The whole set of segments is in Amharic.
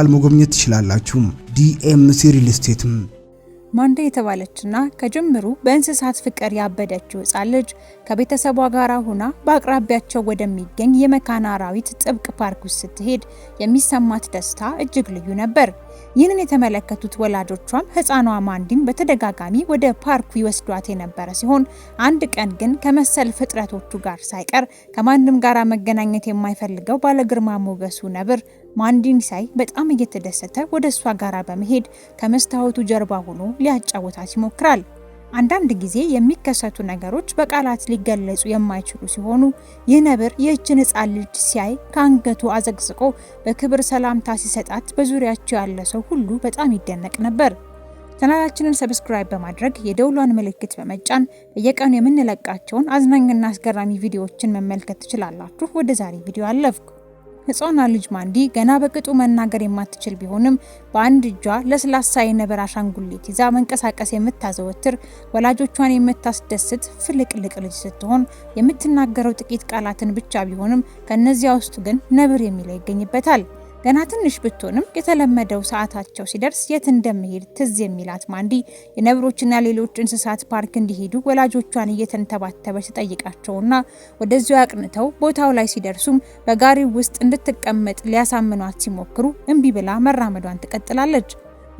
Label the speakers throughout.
Speaker 1: በአካል መጎብኘት ትችላላችሁ። ዲኤምሲ ሪል ስቴትም
Speaker 2: ማንዴ የተባለችና ከጅምሩ በእንስሳት ፍቅር ያበደችው ህፃን ልጅ ከቤተሰቧ ጋር ሆና በአቅራቢያቸው ወደሚገኝ የመካነ አራዊት ጥብቅ ፓርክ ውስጥ ስትሄድ የሚሰማት ደስታ እጅግ ልዩ ነበር። ይህንን የተመለከቱት ወላጆቿም ህፃኗ ማንዲን በተደጋጋሚ ወደ ፓርኩ ይወስዷት የነበረ ሲሆን አንድ ቀን ግን ከመሰል ፍጥረቶቹ ጋር ሳይቀር ከማንም ጋር መገናኘት የማይፈልገው ባለግርማ ሞገሱ ነብር ማንዲን ሳይ በጣም እየተደሰተ ወደ እሷ ጋራ በመሄድ ከመስታወቱ ጀርባ ሆኖ ሊያጫወታት ይሞክራል። አንዳንድ ጊዜ የሚከሰቱ ነገሮች በቃላት ሊገለጹ የማይችሉ ሲሆኑ ይህ ነብር ይህችን ሕፃን ልጅ ሲያይ ከአንገቱ አዘቅዝቆ በክብር ሰላምታ ሲሰጣት በዙሪያቸው ያለ ሰው ሁሉ በጣም ይደነቅ ነበር። ቻናላችንን ሰብስክራይብ በማድረግ የደውሏን ምልክት በመጫን በየቀኑ የምንለቃቸውን አዝናኝና አስገራሚ ቪዲዮዎችን መመልከት ትችላላችሁ። ወደ ዛሬ ቪዲዮ አለፍኩ። ህፃኗ ልጅ ማንዲ ገና በቅጡ መናገር የማትችል ቢሆንም በአንድ እጇ ለስላሳ የነበር አሻንጉሊት ይዛ መንቀሳቀስ የምታዘወትር ወላጆቿን የምታስደስት ፍልቅልቅ ልጅ ስትሆን የምትናገረው ጥቂት ቃላትን ብቻ ቢሆንም ከእነዚያ ውስጥ ግን ነብር የሚለው ይገኝበታል። ገና ትንሽ ብትሆንም የተለመደው ሰዓታቸው ሲደርስ የት እንደመሄድ ትዝ የሚላት ማንዲ የነብሮችና ሌሎች እንስሳት ፓርክ እንዲሄዱ ወላጆቿን እየተንተባተበች ትጠይቃቸውና ወደዚሁ አቅንተው ቦታው ላይ ሲደርሱም በጋሪው ውስጥ እንድትቀመጥ ሊያሳምኗት ሲሞክሩ እምቢ ብላ መራመዷን ትቀጥላለች።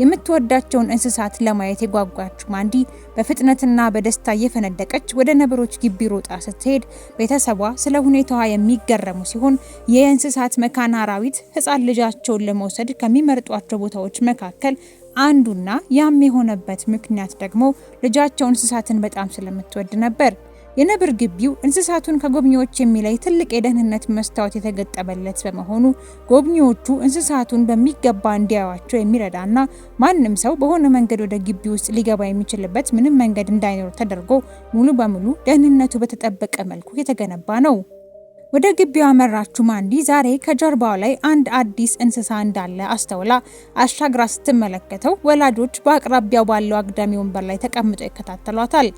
Speaker 2: የምትወዳቸውን እንስሳት ለማየት የጓጓች ማንዲ በፍጥነትና በደስታ እየፈነደቀች ወደ ነብሮች ግቢ ሮጣ ስትሄድ ቤተሰቧ ስለ ሁኔታዋ የሚገረሙ ሲሆን የእንስሳት መካን አራዊት ሕፃን ልጃቸውን ለመውሰድ ከሚመርጧቸው ቦታዎች መካከል አንዱና ያም የሆነበት ምክንያት ደግሞ ልጃቸው እንስሳትን በጣም ስለምትወድ ነበር። የነብር ግቢው እንስሳቱን ከጎብኚዎች የሚለይ ትልቅ የደህንነት መስታወት የተገጠመለት በመሆኑ ጎብኚዎቹ እንስሳቱን በሚገባ የሚረዳ የሚረዳና ማንም ሰው በሆነ መንገድ ወደ ግቢ ውስጥ ሊገባ የሚችልበት ምንም መንገድ እንዳይኖር ተደርጎ ሙሉ በሙሉ ደህንነቱ በተጠበቀ መልኩ የተገነባ ነው። ወደ ግቢው ያመራችው ማንዲ ዛሬ ከጀርባው ላይ አንድ አዲስ እንስሳ እንዳለ አስተውላ አሻግራ ስትመለከተው ወላጆች በአቅራቢያው ባለው አግዳሚ ወንበር ላይ ተቀምጠው ይከታተሏታል።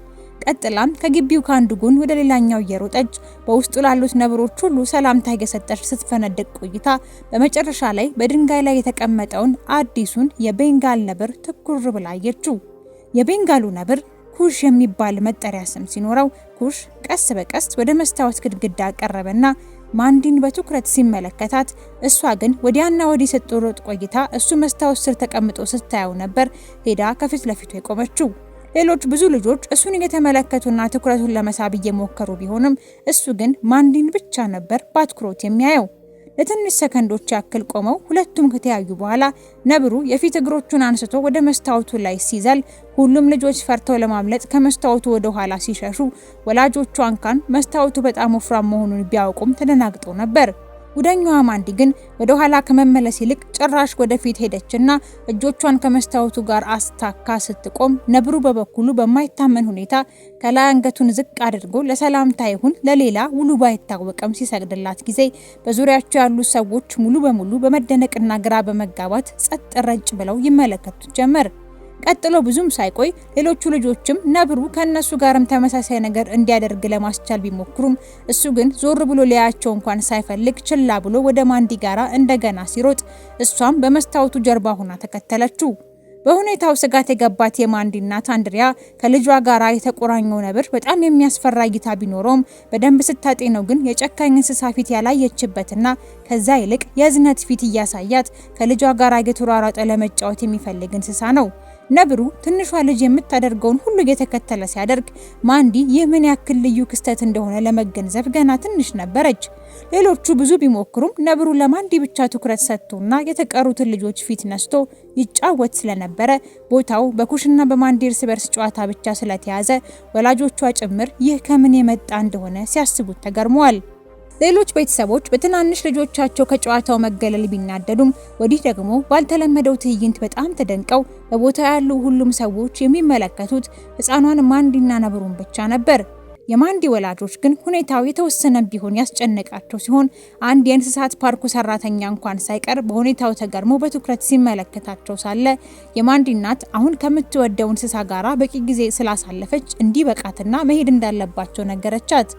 Speaker 2: ቀጥላም ከግቢው ከአንዱ ጎን ወደ ሌላኛው እየሮጠች በውስጡ ላሉት ነብሮች ሁሉ ሰላምታ እየሰጠች ስትፈነድቅ ቆይታ በመጨረሻ ላይ በድንጋይ ላይ የተቀመጠውን አዲሱን የቤንጋል ነብር ትኩር ብላ አየችው። የቤንጋሉ ነብር ኩሽ የሚባል መጠሪያ ስም ሲኖረው ኩሽ ቀስ በቀስ ወደ መስታወት ግድግዳ ቀረበና ማንዲን በትኩረት ሲመለከታት እሷ ግን ወዲያና ወዲህ ስትሮጥ ቆይታ እሱ መስታወት ስር ተቀምጦ ስታየው ነበር ሄዳ ከፊት ለፊቱ የቆመችው። ሌሎች ብዙ ልጆች እሱን እየተመለከቱና ትኩረቱን ለመሳብ እየሞከሩ ቢሆንም እሱ ግን ማንዲን ብቻ ነበር በአትኩሮት የሚያየው። ለትንሽ ሰከንዶች ያክል ቆመው ሁለቱም ከተያዩ በኋላ ነብሩ የፊት እግሮቹን አንስቶ ወደ መስታወቱ ላይ ሲዘል ሁሉም ልጆች ፈርተው ለማምለጥ ከመስታወቱ ወደ ኋላ ሲሸሹ፣ ወላጆቹ አንካን መስታወቱ በጣም ወፍራም መሆኑን ቢያውቁም ተደናግጠው ነበር። ጉደኛዋ ማንዲ ግን ወደ ኋላ ከመመለስ ይልቅ ጭራሽ ወደፊት ሄደችና እጆቿን ከመስታወቱ ጋር አስታካ ስትቆም፣ ነብሩ በበኩሉ በማይታመን ሁኔታ ከላይ አንገቱን ዝቅ አድርጎ ለሰላምታ ይሁን ለሌላ ውሉ ባይታወቀም ሲሰግድላት ጊዜ በዙሪያቸው ያሉ ሰዎች ሙሉ በሙሉ በመደነቅና ግራ በመጋባት ጸጥ ረጭ ብለው ይመለከቱት ጀመር። ቀጥሎ ብዙም ሳይቆይ ሌሎቹ ልጆችም ነብሩ ከነሱ ጋርም ተመሳሳይ ነገር እንዲያደርግ ለማስቻል ቢሞክሩም እሱ ግን ዞር ብሎ ሊያያቸው እንኳን ሳይፈልግ ችላ ብሎ ወደ ማንዲ ጋራ እንደገና ሲሮጥ እሷም በመስታወቱ ጀርባ ሆና ተከተለችው። በሁኔታው ስጋት የገባት የማንዲ እናት አንድሪያ ከልጇ ጋር የተቆራኘው ነብር በጣም የሚያስፈራ እይታ ቢኖረውም በደንብ ስታጤነው ግን የጨካኝ እንስሳ ፊት ያላየችበትና ከዛ ይልቅ የእዝነት ፊት እያሳያት ከልጇ ጋር እየተሯሯጠ ለመጫወት የሚፈልግ እንስሳ ነው። ነብሩ ትንሿ ልጅ የምታደርገውን ሁሉ እየተከተለ ሲያደርግ ማንዲ ይህ ምን ያክል ልዩ ክስተት እንደሆነ ለመገንዘብ ገና ትንሽ ነበረች። ሌሎቹ ብዙ ቢሞክሩም ነብሩ ለማንዲ ብቻ ትኩረት ሰጥቶና የተቀሩትን ልጆች ፊት ነስቶ ይጫወት ስለነበረ ቦታው በኩሽና በማንዲ እርስ በርስ ጨዋታ ብቻ ስለተያዘ ወላጆቿ ጭምር ይህ ከምን የመጣ እንደሆነ ሲያስቡት ተገርመዋል። ሌሎች ቤተሰቦች በትናንሽ ልጆቻቸው ከጨዋታው መገለል ቢናደዱም ወዲህ ደግሞ ባልተለመደው ትዕይንት በጣም ተደንቀው በቦታ ያሉ ሁሉም ሰዎች የሚመለከቱት ህፃኗን ማንዲና ነብሩን ብቻ ነበር። የማንዲ ወላጆች ግን ሁኔታው የተወሰነ ቢሆን ያስጨነቃቸው ሲሆን አንድ የእንስሳት ፓርኩ ሰራተኛ እንኳን ሳይቀር በሁኔታው ተገርሞ በትኩረት ሲመለከታቸው ሳለ የማንዲ እናት አሁን ከምትወደው እንስሳ ጋራ በቂ ጊዜ ስላሳለፈች እንዲበቃትና መሄድ እንዳለባቸው ነገረቻት።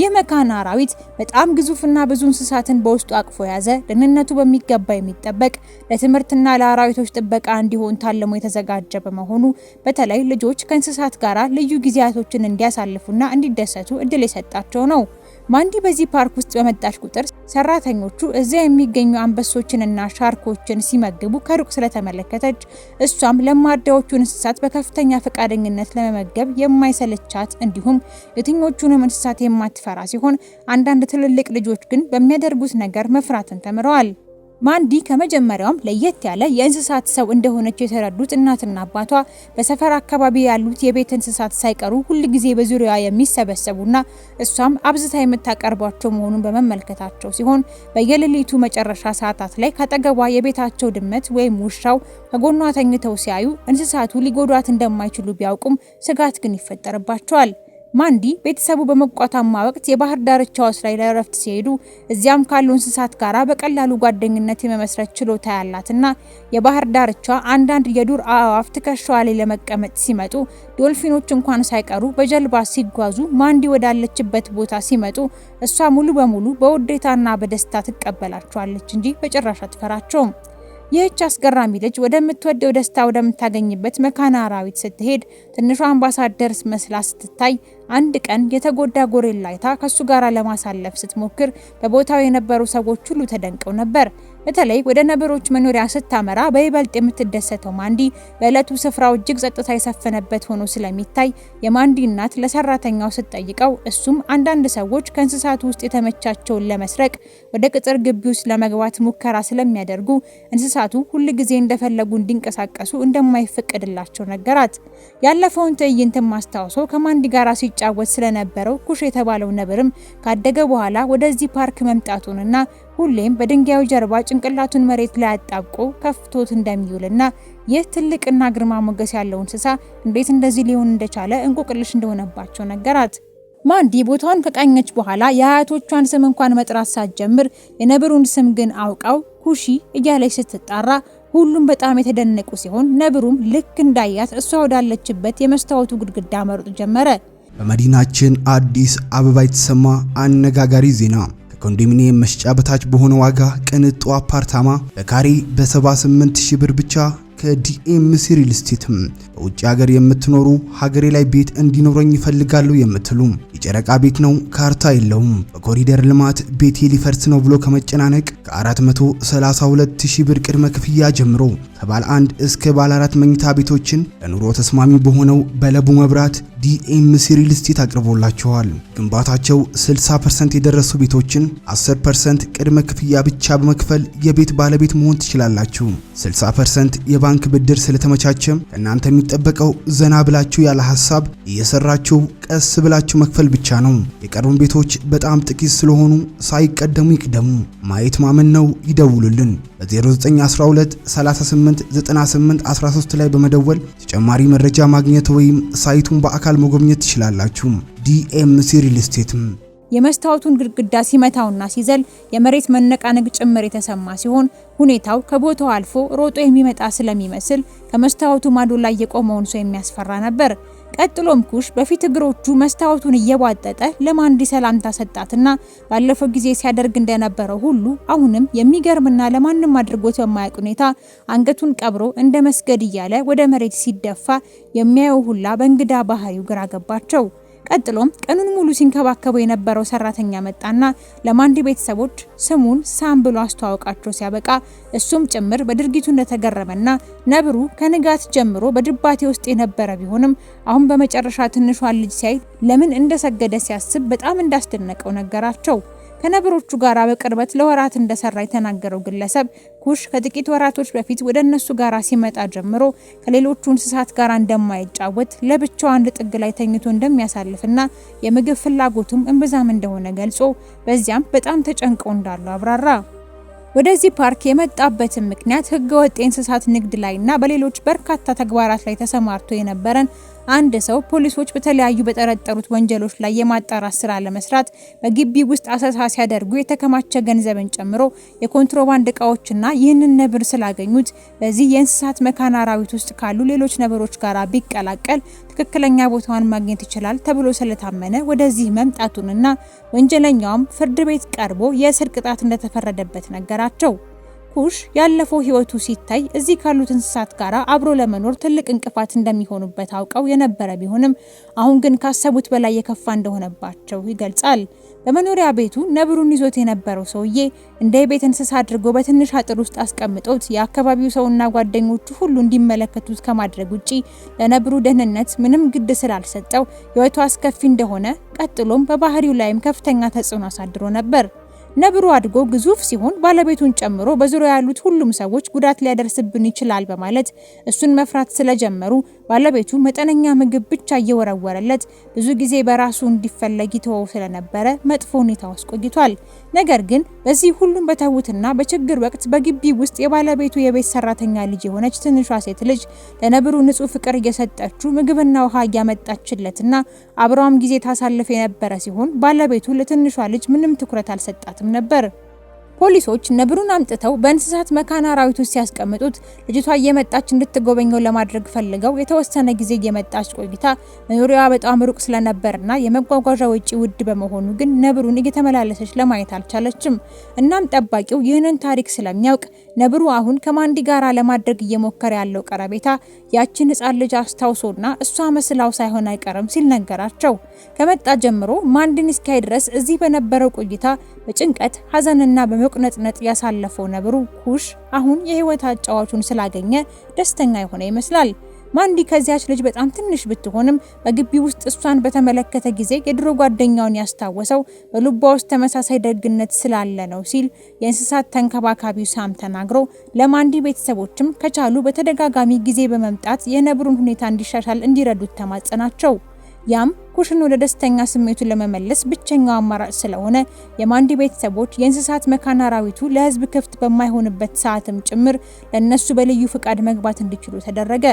Speaker 2: ይህ መካነ አራዊት በጣም ግዙፍና ብዙ እንስሳትን በውስጡ አቅፎ የያዘ ደህንነቱ በሚገባ የሚጠበቅ ለትምህርትና ለአራዊቶች ጥበቃ እንዲሆን ታልሞ የተዘጋጀ በመሆኑ በተለይ ልጆች ከእንስሳት ጋር ልዩ ጊዜያቶችን እንዲያሳልፉና እንዲደሰቱ እድል የሰጣቸው ነው። ማንዲ በዚህ ፓርክ ውስጥ በመጣች ቁጥር ሰራተኞቹ እዚያ የሚገኙ አንበሶችንና ሻርኮችን ሲመግቡ ከሩቅ ስለተመለከተች እሷም ለማዳዎቹን እንስሳት በከፍተኛ ፈቃደኝነት ለመመገብ የማይሰለቻት እንዲሁም የትኞቹንም እንስሳት የማትፈራ ሲሆን አንዳንድ ትልልቅ ልጆች ግን በሚያደርጉት ነገር መፍራትን ተምረዋል። ማንዲ ከመጀመሪያውም ለየት ያለ የእንስሳት ሰው እንደሆነች የተረዱት እናትና አባቷ በሰፈር አካባቢ ያሉት የቤት እንስሳት ሳይቀሩ ጊዜ በዙሪያዋ የሚሰበሰቡና እሷም አብዝታ የምታቀርባቸው መሆኑን በመመልከታቸው ሲሆን በየሌሊቱ መጨረሻ ሰዓታት ላይ ከጠገቧ የቤታቸው ድመት ወይም ውሻው ከጎኗ ተኝተው ሲያዩ እንስሳቱ ሊጎዷት እንደማይችሉ ቢያውቁም ስጋት ግን ይፈጠርባቸዋል። ማንዲ ቤተሰቡ በመቋታማ ወቅት የባህር ዳርቻዎች ላይ ለእረፍት ሲሄዱ እዚያም ካሉ እንስሳት ጋራ በቀላሉ ጓደኝነት የመመስረት ችሎታ ያላትና የባህር ዳርቻ አንዳንድ የዱር አእዋፍ ትከሻዋ ላይ ለመቀመጥ ሲመጡ ዶልፊኖች እንኳን ሳይቀሩ በጀልባ ሲጓዙ ማንዲ ወዳለችበት ቦታ ሲመጡ እሷ ሙሉ በሙሉ በውዴታና በደስታ ትቀበላቸዋለች እንጂ በጭራሽ አትፈራቸውም። ይህች አስገራሚ ልጅ ወደምትወደው ደስታ ወደምታገኝበት መካነ አራዊት ስትሄድ ትንሿ አምባሳደር መስላ ስትታይ አንድ ቀን የተጎዳ ጎሬላይታ አይታ ከሱ ጋር ለማሳለፍ ስትሞክር በቦታው የነበሩ ሰዎች ሁሉ ተደንቀው ነበር። በተለይ ወደ ነብሮች መኖሪያ ስታመራ በይበልጥ የምትደሰተው ማንዲ በዕለቱ ስፍራው እጅግ ጸጥታ የሰፈነበት ሆኖ ስለሚታይ የማንዲ እናት ለሰራተኛው ስትጠይቀው እሱም አንዳንድ ሰዎች ከእንስሳቱ ውስጥ የተመቻቸውን ለመስረቅ ወደ ቅጥር ግቢ ውስጥ ለመግባት ሙከራ ስለሚያደርጉ እንስሳቱ ሁል ጊዜ እንደፈለጉ እንዲንቀሳቀሱ እንደማይፈቀድላቸው ነገራት። ያለፈውን ትዕይንት አስታውሶ ከማንዲ ጋር ሲጫወት ስለነበረው ኩሽ የተባለው ነብርም ካደገ በኋላ ወደዚህ ፓርክ መምጣቱንና ሁሌም በድንጋዩ ጀርባ ጭንቅላቱን መሬት ላይ አጣብቆ ከፍቶት እንደሚውልና ይህ ትልቅና ግርማ ሞገስ ያለው እንስሳ እንዴት እንደዚህ ሊሆን እንደቻለ እንቁቅልሽ እንደሆነባቸው ነገራት። ማንዲ ቦታውን ከቃኘች በኋላ የአያቶቿን ስም እንኳን መጥራት ሳትጀምር የነብሩን ስም ግን አውቃው ኩሺ እያለች ስትጣራ ሁሉም በጣም የተደነቁ ሲሆን ነብሩም ልክ እንዳያት እሷ ወዳለችበት የመስታወቱ ግድግዳ መሮጥ ጀመረ።
Speaker 1: በመዲናችን አዲስ አበባ የተሰማ አነጋጋሪ ዜና ከኮንዶሚኒየም መሸጫ በታች በሆነ ዋጋ ቅንጡ አፓርታማ በካሬ በ 78000 ብር ብቻ ከዲኤም ሲሪል ስቴትም በውጭ ሀገር የምትኖሩ ሀገሬ ላይ ቤት እንዲኖረኝ ይፈልጋሉ የምትሉ የጨረቃ ቤት ነው፣ ካርታ የለውም፣ በኮሪደር ልማት ቤቴ ሊፈርስ ነው ብሎ ከመጨናነቅ ከ 432000 ብር ቅድመ ክፍያ ጀምሮ ከባለ አንድ እስከ ባለ አራት መኝታ ቤቶችን ለኑሮ ተስማሚ በሆነው በለቡ መብራት ዲኤም ሲሪል ስቴት አቅርቦላቸዋል። ግንባታቸው 60% የደረሱ ቤቶችን 10% ቅድመ ክፍያ ብቻ በመክፈል የቤት ባለቤት መሆን ትችላላችሁ። 60% ባንክ ብድር ስለተመቻቸም ከእናንተ የሚጠበቀው ዘና ብላችሁ ያለ ሀሳብ እየሰራችሁ ቀስ ብላችሁ መክፈል ብቻ ነው። የቀሩን ቤቶች በጣም ጥቂት ስለሆኑ ሳይቀደሙ ይቅደሙ። ማየት ማመን ነው። ይደውሉልን። በ0912 38 98 13 ላይ በመደወል ተጨማሪ መረጃ ማግኘት ወይም ሳይቱን በአካል መጎብኘት ትችላላችሁ። ዲኤምሲ ሪል ስቴትም
Speaker 2: የመስታወቱን ግድግዳ ሲመታውና ሲዘል የመሬት መነቃነቅ ጭምር የተሰማ ሲሆን ሁኔታው ከቦታው አልፎ ሮጦ የሚመጣ ስለሚመስል ከመስታወቱ ማዶ ላይ የቆመውን ሰው የሚያስፈራ ነበር። ቀጥሎም ኩሽ በፊት እግሮቹ መስታወቱን እየቧጠጠ ለማንዲ ሰላምታ ሰጣትና ባለፈው ጊዜ ሲያደርግ እንደነበረው ሁሉ አሁንም የሚገርምና ለማንም አድርጎት በማያውቅ ሁኔታ አንገቱን ቀብሮ እንደ መስገድ እያለ ወደ መሬት ሲደፋ የሚያየው ሁላ በእንግዳ ባህሪው ግራ ገባቸው። ቀጥሎም ቀኑን ሙሉ ሲንከባከበው የነበረው ሰራተኛ መጣና ለማንዲ ቤተሰቦች ስሙን ሳም ብሎ አስተዋወቃቸው። ሲያበቃ እሱም ጭምር በድርጊቱ እንደተገረመና ነብሩ ከንጋት ጀምሮ በድባቴ ውስጥ የነበረ ቢሆንም አሁን በመጨረሻ ትንሿን ልጅ ሲያይ ለምን እንደሰገደ ሲያስብ በጣም እንዳስደነቀው ነገራቸው። ከነብሮቹ ጋር በቅርበት ለወራት እንደሰራ የተናገረው ግለሰብ ኩሽ ከጥቂት ወራቶች በፊት ወደ እነሱ ጋር ሲመጣ ጀምሮ ከሌሎቹ እንስሳት ጋር እንደማይጫወት ለብቻው አንድ ጥግ ላይ ተኝቶ እንደሚያሳልፍና የምግብ ፍላጎቱም እምብዛም እንደሆነ ገልጾ በዚያም በጣም ተጨንቀው እንዳሉ አብራራ። ወደዚህ ፓርክ የመጣበትን ምክንያት ህገወጥ የእንስሳት ንግድ ላይና በሌሎች በርካታ ተግባራት ላይ ተሰማርቶ የነበረን አንድ ሰው ፖሊሶች በተለያዩ በጠረጠሩት ወንጀሎች ላይ የማጣራት ስራ ለመስራት በግቢ ውስጥ አሰሳ ሲያደርጉ የተከማቸ ገንዘብን ጨምሮ የኮንትሮባንድ እቃዎችና ይህንን ነብር ስላገኙት በዚህ የእንስሳት መካነ አራዊት ውስጥ ካሉ ሌሎች ነብሮች ጋር ቢቀላቀል ትክክለኛ ቦታዋን ማግኘት ይችላል ተብሎ ስለታመነ ወደዚህ መምጣቱንና ወንጀለኛውም ፍርድ ቤት ቀርቦ የእስር ቅጣት እንደተፈረደበት ነገራቸው። ኩሽ ያለፈው ህይወቱ ሲታይ እዚህ ካሉት እንስሳት ጋር አብሮ ለመኖር ትልቅ እንቅፋት እንደሚሆኑበት አውቀው የነበረ ቢሆንም አሁን ግን ካሰቡት በላይ የከፋ እንደሆነባቸው ይገልጻል። በመኖሪያ ቤቱ ነብሩን ይዞት የነበረው ሰውዬ እንደ የቤት እንስሳ አድርጎ በትንሽ አጥር ውስጥ አስቀምጦት የአካባቢው ሰውና ጓደኞቹ ሁሉ እንዲመለከቱት ከማድረግ ውጪ ለነብሩ ደህንነት ምንም ግድ ስላልሰጠው ህይወቱ አስከፊ እንደሆነ ቀጥሎም በባህሪው ላይም ከፍተኛ ተጽዕኖ አሳድሮ ነበር። ነብሩ አድጎ ግዙፍ ሲሆን ባለቤቱን ጨምሮ በዙሪያ ያሉት ሁሉም ሰዎች ጉዳት ሊያደርስብን ይችላል በማለት እሱን መፍራት ስለጀመሩ ባለቤቱ መጠነኛ ምግብ ብቻ እየወረወረለት ብዙ ጊዜ በራሱ እንዲፈለግ ይተወው ስለነበረ መጥፎ ሁኔታ ውስጥ ቆይቷል። ነገር ግን በዚህ ሁሉም በተዉትና በችግር ወቅት በግቢ ውስጥ የባለቤቱ የቤት ሰራተኛ ልጅ የሆነች ትንሿ ሴት ልጅ ለነብሩ ንጹህ ፍቅር እየሰጠችው ምግብና ውሃ እያመጣችለትና አብረዋም ጊዜ ታሳልፍ የነበረ ሲሆን ባለቤቱ ለትንሿ ልጅ ምንም ትኩረት አልሰጣትም ነበር። ፖሊሶች ነብሩን አምጥተው በእንስሳት መካን አራዊት ውስጥ ሲያስቀምጡት ልጅቷ እየመጣች እንድትጎበኘው ለማድረግ ፈልገው የተወሰነ ጊዜ እየመጣች ቆይታ መኖሪያዋ በጣም ሩቅ ስለነበርና የመጓጓዣ ወጪ ውድ በመሆኑ ግን ነብሩን እየተመላለሰች ለማየት አልቻለችም። እናም ጠባቂው ይህንን ታሪክ ስለሚያውቅ ነብሩ አሁን ከማንዲ ጋራ ለማድረግ እየሞከረ ያለው ቀረቤታ ያችን ህፃን ልጅ አስታውሶና እሷ መስላው ሳይሆን አይቀርም ሲል ነገራቸው። ከመጣ ጀምሮ ማንዲን እስኪያይ ድረስ እዚህ በነበረው ቆይታ በጭንቀት ሐዘንና በመቁነጥነጥ ያሳለፈው ነብሩ ኩሽ አሁን የህይወት አጫዋቹን ስላገኘ ደስተኛ የሆነ ይመስላል። ማንዲ ከዚያች ልጅ በጣም ትንሽ ብትሆንም በግቢ ውስጥ እሷን በተመለከተ ጊዜ የድሮ ጓደኛውን ያስታወሰው በልቧ ውስጥ ተመሳሳይ ደግነት ስላለ ነው ሲል የእንስሳት ተንከባካቢው ሳም ተናግሮ ለማንዲ ቤተሰቦችም ከቻሉ በተደጋጋሚ ጊዜ በመምጣት የነብሩን ሁኔታ እንዲሻሻል እንዲረዱት ተማጸናቸው። ያም ኩሽን ወደ ደስተኛ ስሜቱ ለመመለስ ብቸኛው አማራጭ ስለሆነ የማንዲ ቤተሰቦች የእንስሳት መካነ አራዊቱ ለሕዝብ ክፍት በማይሆንበት ሰዓትም ጭምር ለእነሱ በልዩ ፍቃድ መግባት እንዲችሉ ተደረገ።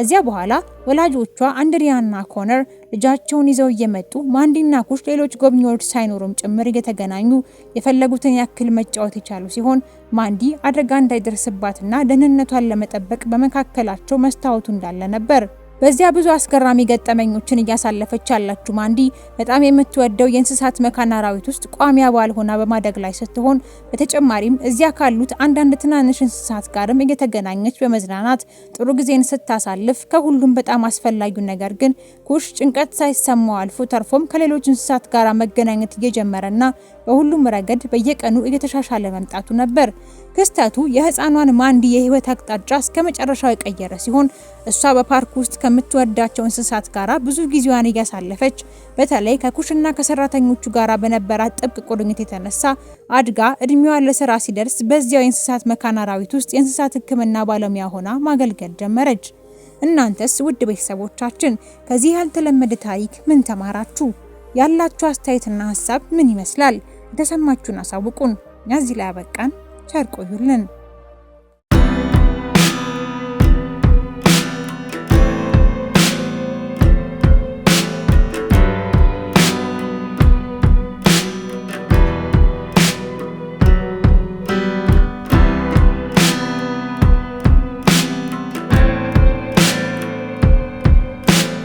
Speaker 2: ከዚያ በኋላ ወላጆቿ አንድሪያና ኮነር ልጃቸውን ይዘው እየመጡ ማንዲና ኩሽ ሌሎች ጎብኚዎች ሳይኖሩም ጭምር እየተገናኙ የፈለጉትን ያክል መጫወት የቻሉ ሲሆን ማንዲ አደጋ እንዳይደርስባትና ደህንነቷን ለመጠበቅ በመካከላቸው መስታወቱ እንዳለ ነበር። በዚያ ብዙ አስገራሚ ገጠመኞችን እያሳለፈች ያላችሁ ማንዲ በጣም የምትወደው የእንስሳት መካን አራዊት ውስጥ ቋሚ አባል ሆና በማደግ ላይ ስትሆን በተጨማሪም እዚያ ካሉት አንዳንድ ትናንሽ እንስሳት ጋርም እየተገናኘች በመዝናናት ጥሩ ጊዜን ስታሳልፍ፣ ከሁሉም በጣም አስፈላጊው ነገር ግን ኩሽ ጭንቀት ሳይሰማው አልፎ ተርፎም ከሌሎች እንስሳት ጋር መገናኘት እየጀመረና በሁሉም ረገድ በየቀኑ እየተሻሻለ መምጣቱ ነበር። ክስተቱ የህፃኗን ማንዲ የህይወት አቅጣጫ እስከ መጨረሻው የቀየረ ሲሆን እሷ በፓርክ ውስጥ ከምትወዳቸው እንስሳት ጋር ብዙ ጊዜዋን እያሳለፈች በተለይ ከኩሽና ከሰራተኞቹ ጋር በነበራት ጥብቅ ቁርኝት የተነሳ አድጋ እድሜዋ ለስራ ሲደርስ በዚያው የእንስሳት መካን አራዊት ውስጥ የእንስሳት ሕክምና ባለሙያ ሆና ማገልገል ጀመረች። እናንተስ ውድ ቤተሰቦቻችን ከዚህ ያልተለመደ ታሪክ ምን ተማራችሁ? ያላችሁ አስተያየትና ሀሳብ ምን ይመስላል? የተሰማችሁን አሳውቁን። እኛ እዚህ ላይ አበቃን። ቸር ቆዩልን።